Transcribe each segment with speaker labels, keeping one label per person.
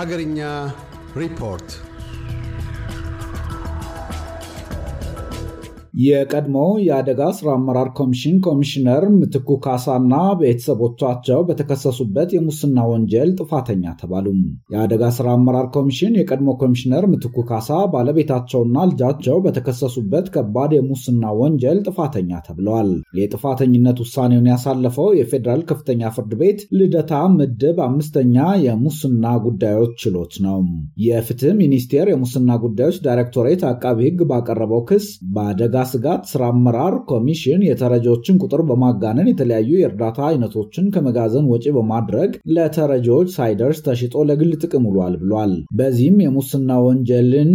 Speaker 1: Hagarinya Report የቀድሞ የአደጋ ስራ አመራር ኮሚሽን ኮሚሽነር ምትኩ ካሳና ቤተሰቦቻቸው በተከሰሱበት የሙስና ወንጀል ጥፋተኛ ተባሉ። የአደጋ ስራ አመራር ኮሚሽን የቀድሞ ኮሚሽነር ምትኩ ካሳ ባለቤታቸውና ልጃቸው በተከሰሱበት ከባድ የሙስና ወንጀል ጥፋተኛ ተብለዋል። የጥፋተኝነት ውሳኔውን ያሳለፈው የፌዴራል ከፍተኛ ፍርድ ቤት ልደታ ምድብ አምስተኛ የሙስና ጉዳዮች ችሎት ነው። የፍትህ ሚኒስቴር የሙስና ጉዳዮች ዳይሬክቶሬት አቃቢ ህግ ባቀረበው ክስ በአደጋ ስጋት ስራ አመራር ኮሚሽን የተረጂዎችን ቁጥር በማጋነን የተለያዩ የእርዳታ አይነቶችን ከመጋዘን ወጪ በማድረግ ለተረጂዎች ሳይደርስ ተሽጦ ለግል ጥቅም ውሏል ብሏል። በዚህም የሙስና ወንጀልን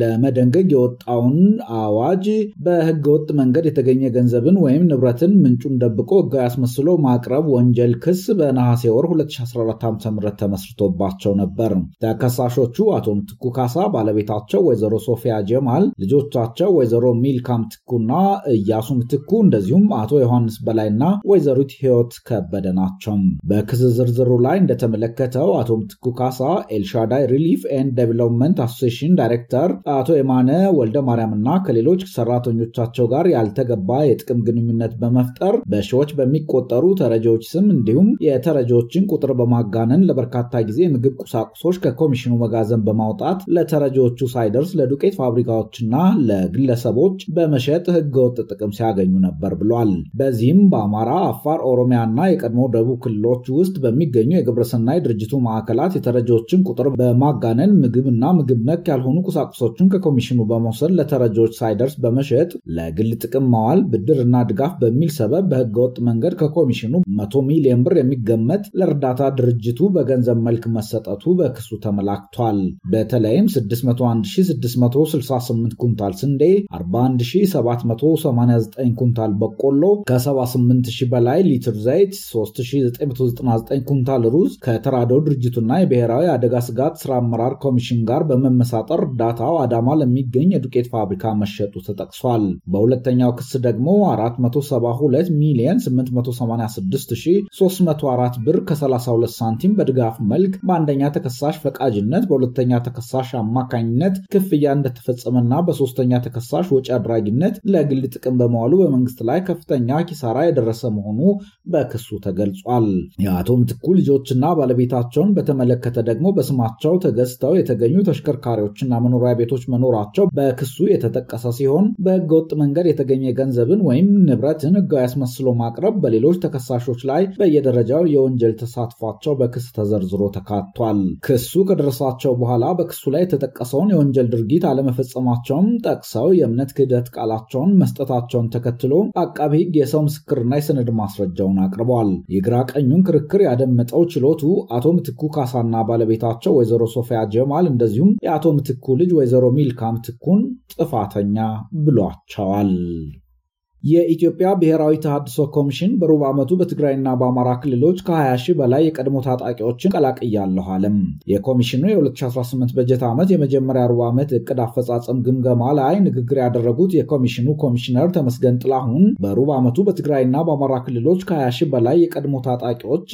Speaker 1: ለመደንገግ የወጣውን አዋጅ በህገወጥ መንገድ የተገኘ ገንዘብን ወይም ንብረትን ምንጩን ደብቆ ህጋዊ አስመስሎ ማቅረብ ወንጀል ክስ በነሐሴ ወር 2014 ዓ.ም ተመስርቶባቸው ነበር። ተከሳሾቹ አቶ ምትኩ ካሳ፣ ባለቤታቸው ወይዘሮ ሶፊያ ጀማል፣ ልጆቻቸው ወይዘሮ ሚልካምት ምትኩና እያሱ ምትኩ እንደዚሁም አቶ ዮሐንስ በላይና ወይዘሪት ህይወት ከበደ ናቸው። በክስ ዝርዝሩ ላይ እንደተመለከተው አቶ ምትኩ ካሳ ኤልሻዳይ ሪሊፍ ኤንድ ዴቨሎፕመንት አሶሴሽን ዳይሬክተር፣ አቶ የማነ ወልደ ማርያምና ከሌሎች ሰራተኞቻቸው ጋር ያልተገባ የጥቅም ግንኙነት በመፍጠር በሺዎች በሚቆጠሩ ተረጂዎች ስም እንዲሁም የተረጂዎችን ቁጥር በማጋነን ለበርካታ ጊዜ የምግብ ቁሳቁሶች ከኮሚሽኑ መጋዘን በማውጣት ለተረጂዎቹ ሳይደርስ ለዱቄት ፋብሪካዎችና ለግለሰቦች በመሸ በመሸጥ ወጥ ጥቅም ሲያገኙ ነበር ብሏል። በዚህም በአማራ፣ አፋር፣ ኦሮሚያና የቀድሞ ደቡብ ክልሎች ውስጥ በሚገኙ የግብረሰናይ ድርጅቱ ማዕከላት የተረጂዎችን ቁጥር በማጋነን ምግብ እና ምግብ ነክ ያልሆኑ ቁሳቁሶችን ከኮሚሽኑ በመውሰድ ለተረጂዎች ሳይደርስ በመሸጥ ለግል ጥቅም ማዋል፣ ብድርና ድጋፍ በሚል ሰበብ በህገወጥ መንገድ ከኮሚሽኑ መቶ ሚሊዮን ብር የሚገመት ለእርዳታ ድርጅቱ በገንዘብ መልክ መሰጠቱ በክሱ ተመላክቷል። በተለይም 601668 ኩንታል ስንዴ፣ 41 789 ኩንታል በቆሎ፣ ከ78000 በላይ ሊትር ዘይት፣ 3999 ኩንታል ሩዝ ከተራዶ ድርጅቱና የብሔራዊ አደጋ ስጋት ስራ አመራር ኮሚሽን ጋር በመመሳጠር እርዳታው አዳማ ለሚገኝ የዱቄት ፋብሪካ መሸጡ ተጠቅሷል። በሁለተኛው ክስ ደግሞ 472 ሚሊዮን 886304 ብር ከ32 ሳንቲም በድጋፍ መልክ በአንደኛ ተከሳሽ ፈቃጅነት በሁለተኛ ተከሳሽ አማካኝነት ክፍያ እንደተፈጸመና በሶስተኛ ተከሳሽ ወጪ አድራጊነት አማካኝነት ለግል ጥቅም በመዋሉ በመንግስት ላይ ከፍተኛ ኪሳራ የደረሰ መሆኑ በክሱ ተገልጿል። የአቶ ምትኩ ልጆችና ባለቤታቸውን በተመለከተ ደግሞ በስማቸው ተገዝተው የተገኙ ተሽከርካሪዎችና መኖሪያ ቤቶች መኖራቸው በክሱ የተጠቀሰ ሲሆን በህገወጥ መንገድ የተገኘ ገንዘብን ወይም ንብረትን ህጋዊ አስመስሎ ማቅረብ በሌሎች ተከሳሾች ላይ በየደረጃው የወንጀል ተሳትፏቸው በክስ ተዘርዝሮ ተካቷል። ክሱ ከደረሳቸው በኋላ በክሱ ላይ የተጠቀሰውን የወንጀል ድርጊት አለመፈጸማቸውም ጠቅሰው የእምነት ክህደት ቃል ቃላቸውን መስጠታቸውን ተከትሎ አቃቢ ሕግ የሰው ምስክርና የሰነድ ማስረጃውን አቅርቧል። የግራ ቀኙን ክርክር ያደመጠው ችሎቱ አቶ ምትኩ ካሳና ባለቤታቸው ወይዘሮ ሶፊያ ጀማል እንደዚሁም የአቶ ምትኩ ልጅ ወይዘሮ ሚልካ ምትኩን ጥፋተኛ ብሏቸዋል። የኢትዮጵያ ብሔራዊ ተሃድሶ ኮሚሽን በሩብ ዓመቱ በትግራይና በአማራ ክልሎች ከ20 ሺህ በላይ የቀድሞ ታጣቂዎችን ቀላቅያለሁ አለም። የኮሚሽኑ የ2018 በጀት ዓመት የመጀመሪያ ሩብ ዓመት እቅድ አፈጻጸም ግምገማ ላይ ንግግር ያደረጉት የኮሚሽኑ ኮሚሽነር ተመስገን ጥላሁን በሩብ ዓመቱ በትግራይና በአማራ ክልሎች ከ20 ሺህ በላይ የቀድሞ ታጣቂዎች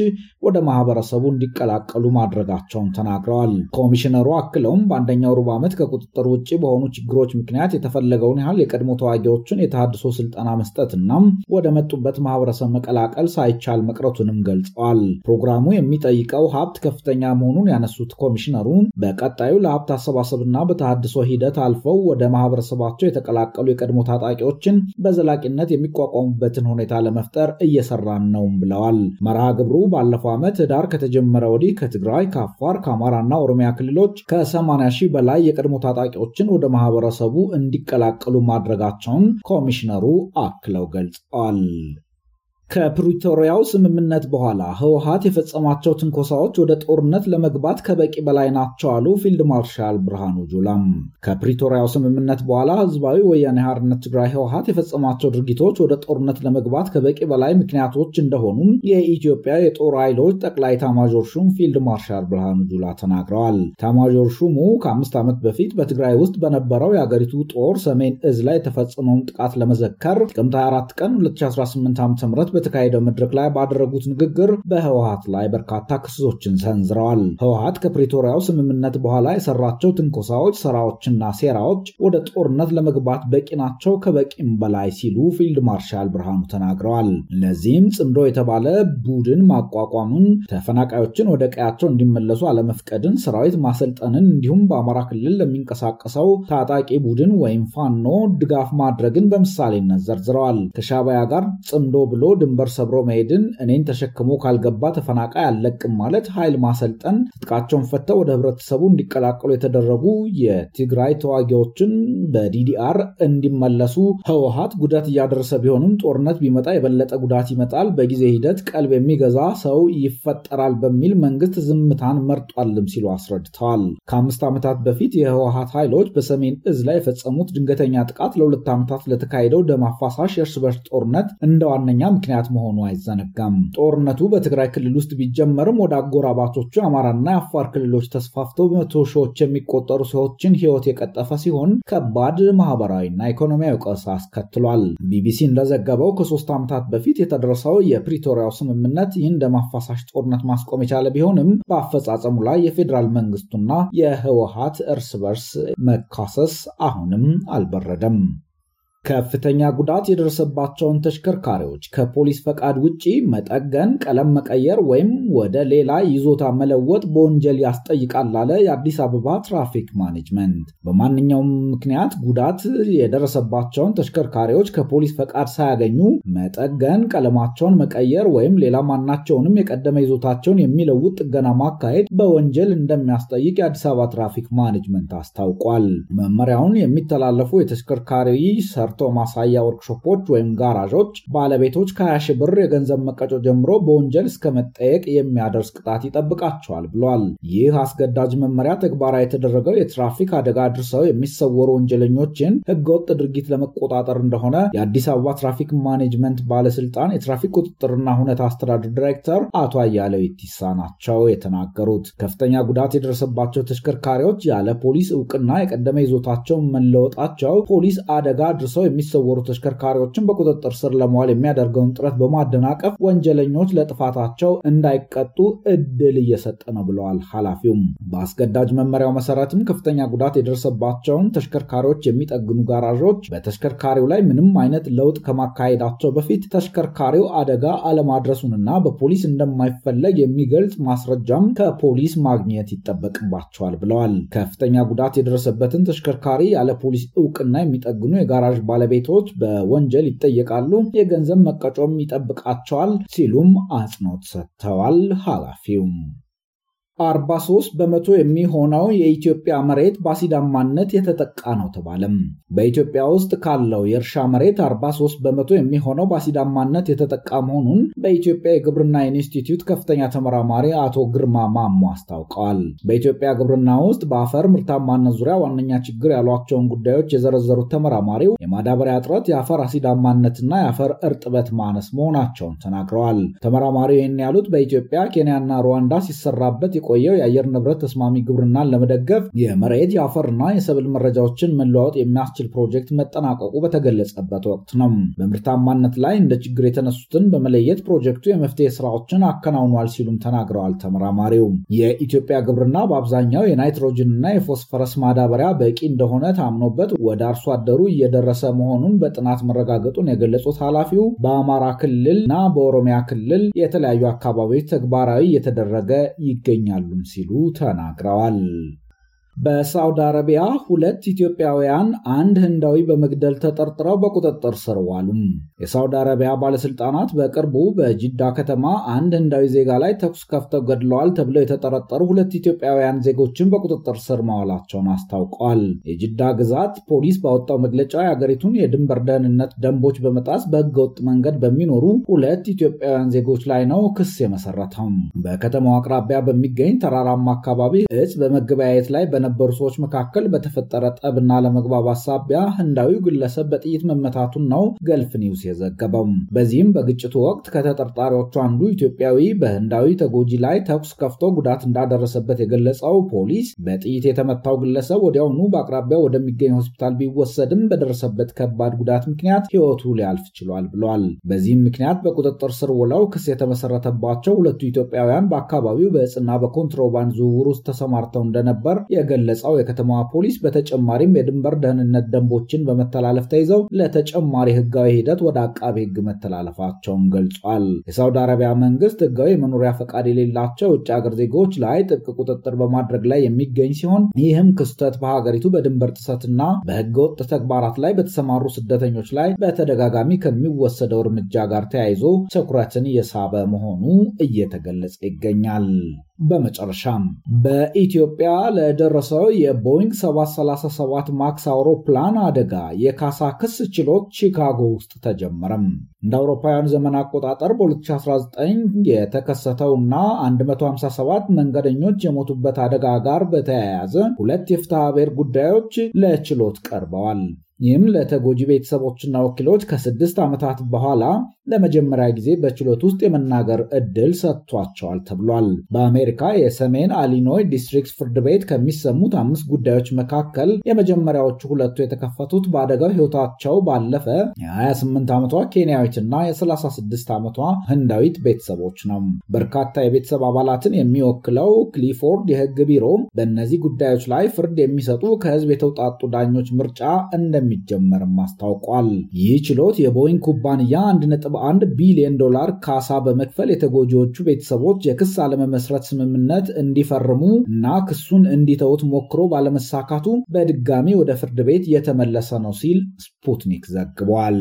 Speaker 1: ወደ ማህበረሰቡ እንዲቀላቀሉ ማድረጋቸውን ተናግረዋል። ኮሚሽነሩ አክለውም በአንደኛው ሩብ ዓመት ከቁጥጥር ውጭ በሆኑ ችግሮች ምክንያት የተፈለገውን ያህል የቀድሞ ተዋጊዎችን የተሃድሶ ስልጠና መስጠትና ወደ መጡበት ማህበረሰብ መቀላቀል ሳይቻል መቅረቱንም ገልጸዋል። ፕሮግራሙ የሚጠይቀው ሀብት ከፍተኛ መሆኑን ያነሱት ኮሚሽነሩ በቀጣዩ ለሀብት አሰባሰብና በተሃድሶ ሂደት አልፈው ወደ ማህበረሰባቸው የተቀላቀሉ የቀድሞ ታጣቂዎችን በዘላቂነት የሚቋቋሙበትን ሁኔታ ለመፍጠር እየሰራን ነውም ብለዋል። መርሃ ግብሩ ባለፈው ዓመት ህዳር ከተጀመረ ወዲህ ከትግራይ፣ ከአፋር፣ ከአማራና ኦሮሚያ ክልሎች ከ80 ሺህ በላይ የቀድሞ ታጣቂዎችን ወደ ማህበረሰቡ እንዲቀላቀሉ ማድረጋቸውን ኮሚሽነሩ አ በአክለው ገልጸዋል። ከፕሪቶሪያው ስምምነት በኋላ ህወሀት የፈጸማቸው ትንኮሳዎች ወደ ጦርነት ለመግባት ከበቂ በላይ ናቸው አሉ ፊልድ ማርሻል ብርሃኑ ጁላም። ከፕሪቶሪያው ስምምነት በኋላ ህዝባዊ ወያኔ ሓርነት ትግራይ ህወሀት የፈጸማቸው ድርጊቶች ወደ ጦርነት ለመግባት ከበቂ በላይ ምክንያቶች እንደሆኑም የኢትዮጵያ የጦር ኃይሎች ጠቅላይ ታማዦር ሹም ፊልድ ማርሻል ብርሃኑ ጁላ ተናግረዋል። ታማዦር ሹሙ ከአምስት ዓመት በፊት በትግራይ ውስጥ በነበረው የአገሪቱ ጦር ሰሜን እዝ ላይ የተፈጸመውን ጥቃት ለመዘከር ጥቅምት 24 ቀን 2018 ዓ.ም በተካሄደው መድረክ ላይ ባደረጉት ንግግር በህወሀት ላይ በርካታ ክሶችን ሰንዝረዋል። ህወሀት ከፕሪቶሪያው ስምምነት በኋላ የሰራቸው ትንኮሳዎች፣ ስራዎችና ሴራዎች ወደ ጦርነት ለመግባት በቂ ናቸው፣ ከበቂም በላይ ሲሉ ፊልድ ማርሻል ብርሃኑ ተናግረዋል። እነዚህም ጽምዶ የተባለ ቡድን ማቋቋሙን፣ ተፈናቃዮችን ወደ ቀያቸው እንዲመለሱ አለመፍቀድን፣ ሰራዊት ማሰልጠንን እንዲሁም በአማራ ክልል ለሚንቀሳቀሰው ታጣቂ ቡድን ወይም ፋኖ ድጋፍ ማድረግን በምሳሌነት ዘርዝረዋል። ከሻዕቢያ ጋር ጽምዶ ብሎ ድንበር ሰብሮ መሄድን እኔን ተሸክሞ ካልገባ ተፈናቃይ አለቅም ማለት ኃይል ማሰልጠን፣ ትጥቃቸውን ፈተው ወደ ህብረተሰቡ እንዲቀላቀሉ የተደረጉ የትግራይ ተዋጊዎችን በዲዲአር እንዲመለሱ ህወሀት ጉዳት እያደረሰ ቢሆንም ጦርነት ቢመጣ የበለጠ ጉዳት ይመጣል፣ በጊዜ ሂደት ቀልብ የሚገዛ ሰው ይፈጠራል በሚል መንግስት ዝምታን መርጧልም ሲሉ አስረድተዋል። ከአምስት ዓመታት በፊት የህወሀት ኃይሎች በሰሜን እዝ ላይ የፈጸሙት ድንገተኛ ጥቃት ለሁለት ዓመታት ለተካሄደው ደም አፋሳሽ የእርስ በርስ ጦርነት እንደ ዋነኛ ምክንያት ምክንያት መሆኑ አይዘነጋም። ጦርነቱ በትግራይ ክልል ውስጥ ቢጀመርም ወደ አጎራባቶቹ የአማራና የአፋር ክልሎች ተስፋፍተው በመቶ ሺዎች የሚቆጠሩ ሰዎችን ሕይወት የቀጠፈ ሲሆን ከባድ ማህበራዊና ኢኮኖሚያዊ ቀውስ አስከትሏል። ቢቢሲ እንደዘገበው ከሶስት ዓመታት በፊት የተደረሰው የፕሪቶሪያው ስምምነት ይህን ደም አፋሳሽ ጦርነት ማስቆም የቻለ ቢሆንም በአፈጻጸሙ ላይ የፌዴራል መንግስቱና የህወሀት እርስ በርስ መካሰስ አሁንም አልበረደም። ከፍተኛ ጉዳት የደረሰባቸውን ተሽከርካሪዎች ከፖሊስ ፈቃድ ውጪ መጠገን፣ ቀለም መቀየር ወይም ወደ ሌላ ይዞታ መለወጥ በወንጀል ያስጠይቃል አለ የአዲስ አበባ ትራፊክ ማኔጅመንት። በማንኛውም ምክንያት ጉዳት የደረሰባቸውን ተሽከርካሪዎች ከፖሊስ ፈቃድ ሳያገኙ መጠገን፣ ቀለማቸውን መቀየር ወይም ሌላ ማናቸውንም የቀደመ ይዞታቸውን የሚለውጥ ጥገና ማካሄድ በወንጀል እንደሚያስጠይቅ የአዲስ አበባ ትራፊክ ማኔጅመንት አስታውቋል። መመሪያውን የሚተላለፉ የተሽከርካሪ ሰር የካርቶን ማሳያ ወርክሾፖች ወይም ጋራዦች ባለቤቶች ከ20 ብር የገንዘብ መቀጮ ጀምሮ በወንጀል እስከ መጠየቅ የሚያደርስ ቅጣት ይጠብቃቸዋል ብሏል። ይህ አስገዳጅ መመሪያ ተግባራዊ የተደረገው የትራፊክ አደጋ አድርሰው የሚሰወሩ ወንጀለኞችን ህገወጥ ድርጊት ለመቆጣጠር እንደሆነ የአዲስ አበባ ትራፊክ ማኔጅመንት ባለስልጣን የትራፊክ ቁጥጥርና ሁነት አስተዳደር ዳይሬክተር አቶ አያለው ይቲሳ ናቸው የተናገሩት። ከፍተኛ ጉዳት የደረሰባቸው ተሽከርካሪዎች ያለ ፖሊስ እውቅና የቀደመ ይዞታቸው መለወጣቸው ፖሊስ አደጋ አድርሰው የሚሰወሩ ተሽከርካሪዎችን በቁጥጥር ስር ለመዋል የሚያደርገውን ጥረት በማደናቀፍ ወንጀለኞች ለጥፋታቸው እንዳይቀጡ እድል እየሰጠ ነው ብለዋል ኃላፊውም። በአስገዳጅ መመሪያው መሰረትም ከፍተኛ ጉዳት የደረሰባቸውን ተሽከርካሪዎች የሚጠግኑ ጋራዦች በተሽከርካሪው ላይ ምንም አይነት ለውጥ ከማካሄዳቸው በፊት ተሽከርካሪው አደጋ አለማድረሱንና በፖሊስ እንደማይፈለግ የሚገልጽ ማስረጃም ከፖሊስ ማግኘት ይጠበቅባቸዋል ብለዋል። ከፍተኛ ጉዳት የደረሰበትን ተሽከርካሪ ያለ ፖሊስ እውቅና የሚጠግኑ የጋራዥ ባለቤቶች በወንጀል ይጠየቃሉ፣ የገንዘብ መቀጮም ይጠብቃቸዋል ሲሉም አጽንኦት ሰጥተዋል ኃላፊው። 43 በመቶ የሚሆነው የኢትዮጵያ መሬት በአሲዳማነት የተጠቃ ነው ተባለም። በኢትዮጵያ ውስጥ ካለው የእርሻ መሬት 43 በመቶ የሚሆነው በአሲዳማነት የተጠቃ መሆኑን በኢትዮጵያ የግብርና ኢንስቲትዩት ከፍተኛ ተመራማሪ አቶ ግርማ ማሞ አስታውቀዋል። በኢትዮጵያ ግብርና ውስጥ በአፈር ምርታማነት ዙሪያ ዋነኛ ችግር ያሏቸውን ጉዳዮች የዘረዘሩት ተመራማሪው የማዳበሪያ እጥረት፣ የአፈር አሲዳማነትና የአፈር እርጥበት ማነስ መሆናቸውን ተናግረዋል። ተመራማሪው ይህን ያሉት በኢትዮጵያ ኬንያና ሩዋንዳ ሲሰራበት የቆየው የአየር ንብረት ተስማሚ ግብርናን ለመደገፍ የመሬት የአፈርና የሰብል መረጃዎችን መለዋወጥ የሚያስችል ፕሮጀክት መጠናቀቁ በተገለጸበት ወቅት ነው። በምርታማነት ላይ እንደ ችግር የተነሱትን በመለየት ፕሮጀክቱ የመፍትሄ ስራዎችን አከናውኗል ሲሉም ተናግረዋል ተመራማሪው። የኢትዮጵያ ግብርና በአብዛኛው የናይትሮጅንና የፎስፈረስ ማዳበሪያ በቂ እንደሆነ ታምኖበት ወደ አርሶ አደሩ እየደረሰ መሆኑን በጥናት መረጋገጡን የገለጹት ኃላፊው በአማራ ክልልና በኦሮሚያ ክልል የተለያዩ አካባቢዎች ተግባራዊ እየተደረገ ይገኛል ይገኛሉም ሲሉ ተናግረዋል። በሳውዲ አረቢያ ሁለት ኢትዮጵያውያን አንድ ህንዳዊ በመግደል ተጠርጥረው በቁጥጥር ስር ዋሉም። የሳውዲ አረቢያ ባለስልጣናት በቅርቡ በጅዳ ከተማ አንድ ህንዳዊ ዜጋ ላይ ተኩስ ከፍተው ገድለዋል ተብለው የተጠረጠሩ ሁለት ኢትዮጵያውያን ዜጎችን በቁጥጥር ስር ማዋላቸውን አስታውቋል። የጅዳ ግዛት ፖሊስ ባወጣው መግለጫ የአገሪቱን የድንበር ደህንነት ደንቦች በመጣስ በህገወጥ መንገድ በሚኖሩ ሁለት ኢትዮጵያውያን ዜጎች ላይ ነው ክስ የመሰረተው። በከተማው አቅራቢያ በሚገኝ ተራራማ አካባቢ እጽ በመገበያየት ላይ በ በነበሩ ሰዎች መካከል በተፈጠረ ጠብና ለመግባባት ሳቢያ ህንዳዊው ግለሰብ በጥይት መመታቱን ነው ገልፍ ኒውስ የዘገበው። በዚህም በግጭቱ ወቅት ከተጠርጣሪዎቹ አንዱ ኢትዮጵያዊ በህንዳዊ ተጎጂ ላይ ተኩስ ከፍቶ ጉዳት እንዳደረሰበት የገለጸው ፖሊስ በጥይት የተመታው ግለሰብ ወዲያውኑ በአቅራቢያ ወደሚገኝ ሆስፒታል ቢወሰድም በደረሰበት ከባድ ጉዳት ምክንያት ህይወቱ ሊያልፍ ችሏል ብሏል። በዚህም ምክንያት በቁጥጥር ስር ውለው ክስ የተመሰረተባቸው ሁለቱ ኢትዮጵያውያን በአካባቢው በእጽና በኮንትሮባንድ ዝውውር ውስጥ ተሰማርተው እንደነበር የገ የገለጸው የከተማዋ ፖሊስ በተጨማሪም የድንበር ደህንነት ደንቦችን በመተላለፍ ተይዘው ለተጨማሪ ህጋዊ ሂደት ወደ አቃቢ ህግ መተላለፋቸውን ገልጿል። የሳውዲ አረቢያ መንግስት ህጋዊ የመኖሪያ ፈቃድ የሌላቸው የውጭ ሀገር ዜጎች ላይ ጥብቅ ቁጥጥር በማድረግ ላይ የሚገኝ ሲሆን ይህም ክስተት በሀገሪቱ በድንበር ጥሰትና ወጥ ተግባራት ላይ በተሰማሩ ስደተኞች ላይ በተደጋጋሚ ከሚወሰደው እርምጃ ጋር ተያይዞ ትኩረትን የሳበ መሆኑ እየተገለጸ ይገኛል። በመጨረሻም በኢትዮጵያ ለደረሰው የቦይንግ 737 ማክስ አውሮፕላን አደጋ የካሳ ክስ ችሎት ቺካጎ ውስጥ ተጀመረም። እንደ አውሮፓውያን ዘመን አቆጣጠር በ2019 የተከሰተውና 157 መንገደኞች የሞቱበት አደጋ ጋር በተያያዘ ሁለት የፍትሐ ብሔር ጉዳዮች ለችሎት ቀርበዋል። ይህም ለተጎጂ ቤተሰቦችና ወኪሎች ከስድስት ዓመታት በኋላ ለመጀመሪያ ጊዜ በችሎት ውስጥ የመናገር እድል ሰጥቷቸዋል ተብሏል። በአሜሪካ የሰሜን አሊኖይ ዲስትሪክት ፍርድ ቤት ከሚሰሙት አምስት ጉዳዮች መካከል የመጀመሪያዎቹ ሁለቱ የተከፈቱት በአደጋው ህይወታቸው ባለፈ የ28 ዓመቷ ኬንያዊትና የ36 ዓመቷ ህንዳዊት ቤተሰቦች ነው። በርካታ የቤተሰብ አባላትን የሚወክለው ክሊፎርድ የህግ ቢሮ በእነዚህ ጉዳዮች ላይ ፍርድ የሚሰጡ ከህዝብ የተውጣጡ ዳኞች ምርጫ እንደሚ እንደሚጀመርም አስታውቋል። ይህ ችሎት የቦይንግ ኩባንያ 1.1 ቢሊዮን ዶላር ካሳ በመክፈል የተጎጂዎቹ ቤተሰቦች የክስ አለመመስረት ስምምነት እንዲፈርሙ እና ክሱን እንዲተውት ሞክሮ ባለመሳካቱ በድጋሚ ወደ ፍርድ ቤት የተመለሰ ነው ሲል ስፑትኒክ ዘግቧል።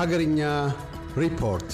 Speaker 1: ሀገርኛ ሪፖርት